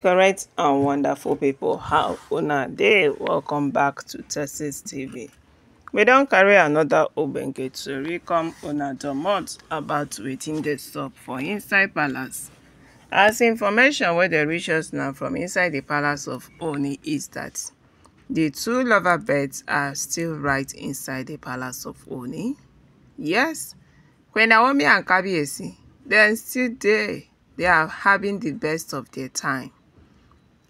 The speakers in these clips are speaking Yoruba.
correct and wonderful people. how una dey welcome back to texas tv we don carry another ogbenge tori come una domot about wetin dey sup for inside palace as information wey dey reach us now from inside the palace of oni is that the two lover beds are still right inside the palace of oni yes queen naomi and kabiyesi dem still dey they are having the best of their time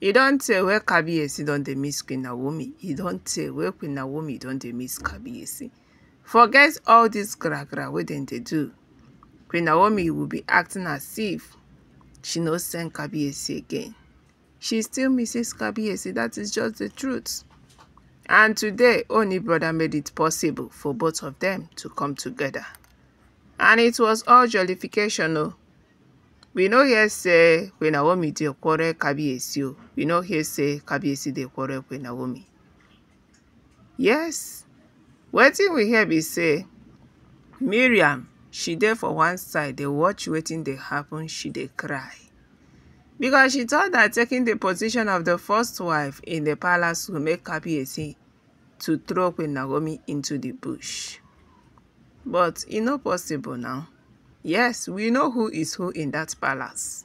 e don tey wey kabiyesi don dey miss queen naomi e don tey wey queen naomi don dey miss kabiyesi forget all dis gragra wey dem dey do queen naomi will be acting as if she no send kabiyesi again she still misses kabiyesi that is just the truth and today only brother made it possible for both of them to come together and it was all jollification o. Oh we no hear say queen naomi dey quarrel kabiyesi o we no hear say kabiyesi dey quarrel queen naomi yes wetin we hear be say Miriam, she dey for one side dey watch wetin dey happen she dey cry because she thought that taking the position of the first wife in the palace will make kabiyesi to throw queen naomi into the bush but e no possible now Yes, we know who is who in that palace.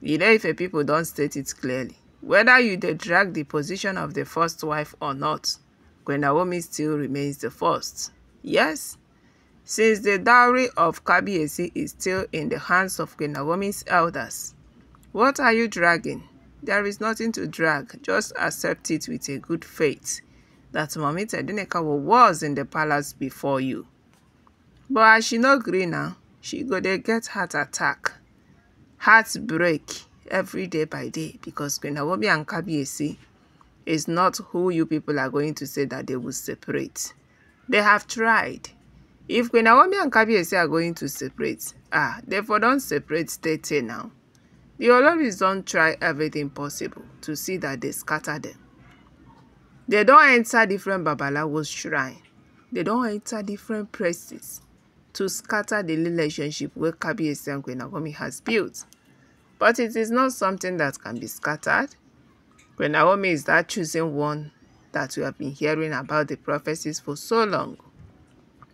if a people don't state it clearly. Whether you drag the position of the first wife or not, Queen still remains the first. Yes, since the dowry of Kabiesi is still in the hands of Queen elders. What are you dragging? There is nothing to drag, just accept it with a good faith that Mommy Tedinekawa was in the palace before you. But I should not agree now she go dey get heart attack heartbreak every day by day because Queen and Kabiesi is not who you people are going to say that they will separate. They have tried. If Queen and Kabiesi are going to separate, ah, therefore don't separate, stay till now. The Olorys don't try everything possible to see that they scatter them. They don't enter different Babalawo's shrine. They don't enter different places to scatter the relationship where Kabiesi and Kwenagomi has built. But it is not something that can be scattered. Kwenagomi is that chosen one that we have been hearing about the prophecies for so long.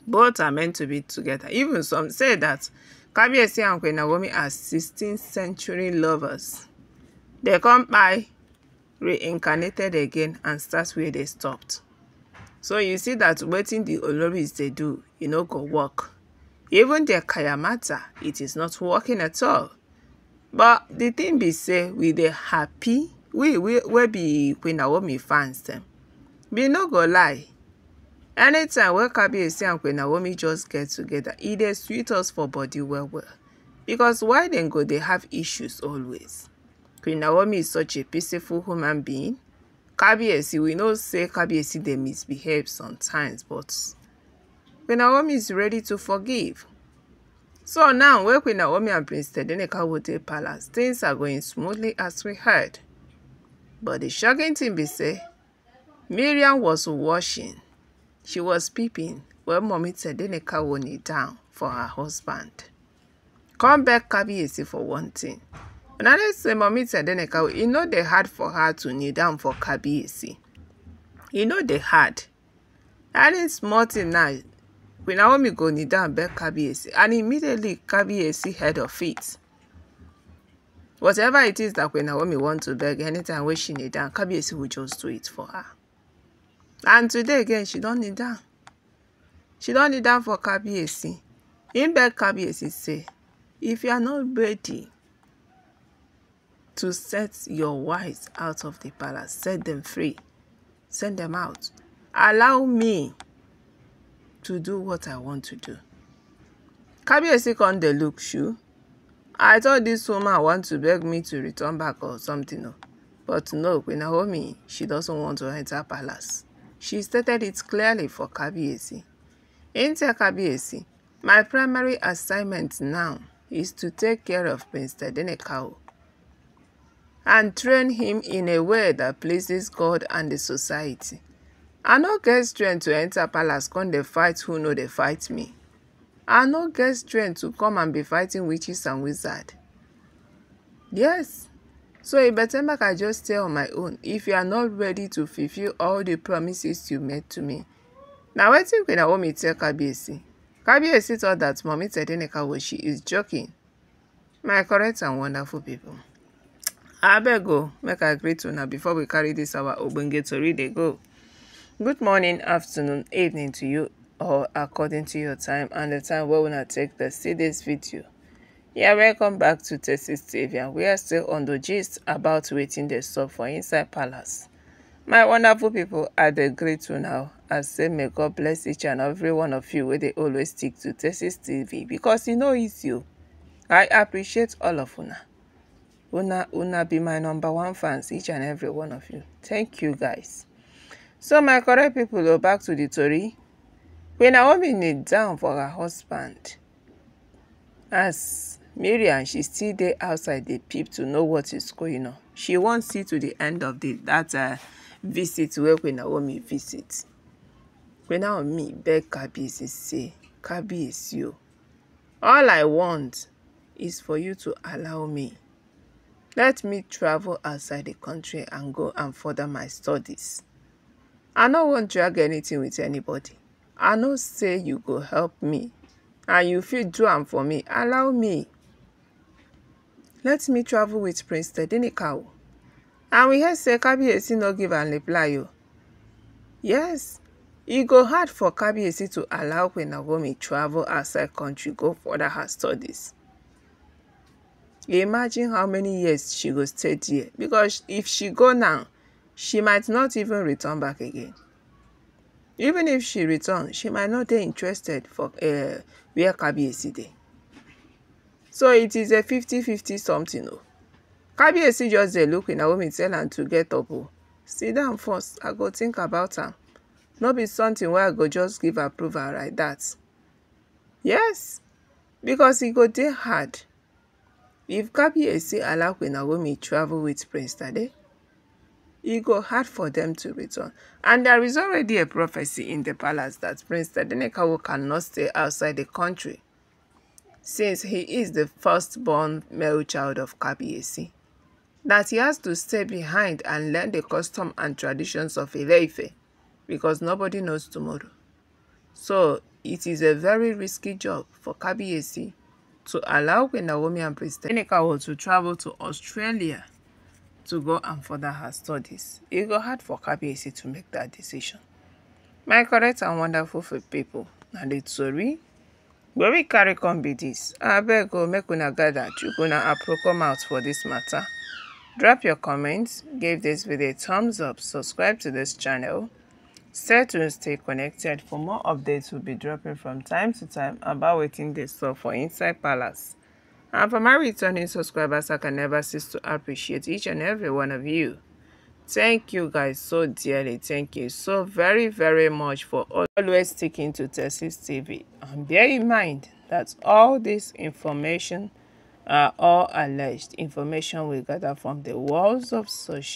Both are meant to be together. Even some say that Kabiesi and Kwenagomi are 16th century lovers. They come by reincarnated again and start where they stopped. So you see that waiting the Oloris they do, you know, go work. even the kayamata it is not working at all but the thing be say we dey happy we we we be Queen Naomi fans them. we no go lie anytime wey Kabiyesi and Queen Naomi just get together It e dey sweet us for body well well because why dem go They have issues always Queen Naomi is such a peaceful human being Kabi Kabiyesi we know say kabi Kabiyesi they misbehave sometimes but When Naomi is ready to forgive. So now, when Queen Naomi and Prince Tedeneka will take palace, things are going smoothly as we heard. But the shocking thing be say, Miriam was washing. She was peeping when Mommy Tedeneka will kneel down for her husband. Come back, Kabiyesi, for one thing. When I say Mommy Tedeneka, you e know they had for her to kneel down for Kabiyesi. You e know they had. That is small thing now. Queen Naomi kneeled down and begged Kabiyesi, and immediately Kabiyesi heard of it. Whatever it is that Queen Naomi want to beg, anytime when she kneel down, Kabiyesi will just do it for her. And today again, she don't kneel down. She don't kneel down for Kabiyesi. In beg Kabiyesi, say, if you are not ready to set your wives out of the palace, set them free, send them out, allow me to do what I want to do. Kabiyesi come the look shoe. I thought this woman want to beg me to return back or something. But no, When Queen me, she doesn't want to enter palace. She stated it clearly for Kabiyesi. Enter Kabiyesi, my primary assignment now is to take care of Prince Tedenekau and train him in a way that pleases God and the society. i no get strength to enter palace come dey fight who no dey fight me i no get strength to come and be fighting witches and wizards yes so e better make i just stay on my own if you are not ready to fulfill all the promises you made to me na wetin queen naomi tell kabiyesi kabiyesi thought that mummy tedinika She is joking my correct and wonderful people abeg o oh, make i greet una before we carry this our ogbonge tori dey go Good morning, afternoon, evening to you or according to your time and the time where we take the see this video. Yeah, welcome back to Tessie TV and we are still on the gist about waiting the stop for inside palace. My wonderful people are the great one now. I say may God bless each and every one of you where they always stick to Tessie TV because you e know it's you. I appreciate all of una. Una, una be my number one fans, each and every one of you. Thank you guys. So my correct people go back to the tori When Naomi kneel down for her husband as Miriam she still there outside the peep to know what is going on. She wan see to the end of the that uh, visit where Queen Naomi visit. When Naomi beg to say, is you. all I want is for you to allow me. Let me travel outside the country and go and further my studies. I no wan drag anything with anybody. I know say you go help me and you feel do am for me. Allow me. Let me travel with Prince Tedinika oo. And we hear say Kabi Esi no give am reply you. Yes, it e go hard for Kabi Esi to allow Queen Naomi travel outside country go further her studies. Imagine how many years she go stay there because if she go now, She might not even return back again. Even if she returns, she might not be interested for uh, where Kabi Kabiyesi dey. So it is a 50-50 something. Oh. Kabi Kabiyesi just looking at Naomi tell am to get up. Oh. Sit down first. I go think about her. Not be something where I go just give approval like that. Yes, because e go dey hard. If Kabi Kabiyesi allow Queen Naomi travel with Prince today. it go hard for them to return. And there is already a prophecy in the palace that Prince Tadenekawo cannot stay outside the country since he is the firstborn male child of Kabiesi, that he has to stay behind and learn the custom and traditions of Ileife because nobody knows tomorrow. So it is a very risky job for Kabiesi to allow Queen and Prince Tadenekawo to travel to Australia to go and further her studies, it go hard for KBC to make that decision. My correct and wonderful people, na the tori Where we carry come be I beg o make una gather chook una apro come out for this matter drop your comments, give this video a thumbs up subscribe to this channel stay tuned stay connected for more updates we we'll be dropping from time to time about wetin this sup for inside palace And for my returning subscribers, I can never cease to appreciate each and every one of you. Thank you guys so dearly. Thank you so very, very much for always sticking to Tessis TV. And bear in mind that all this information are all alleged information we gather from the walls of social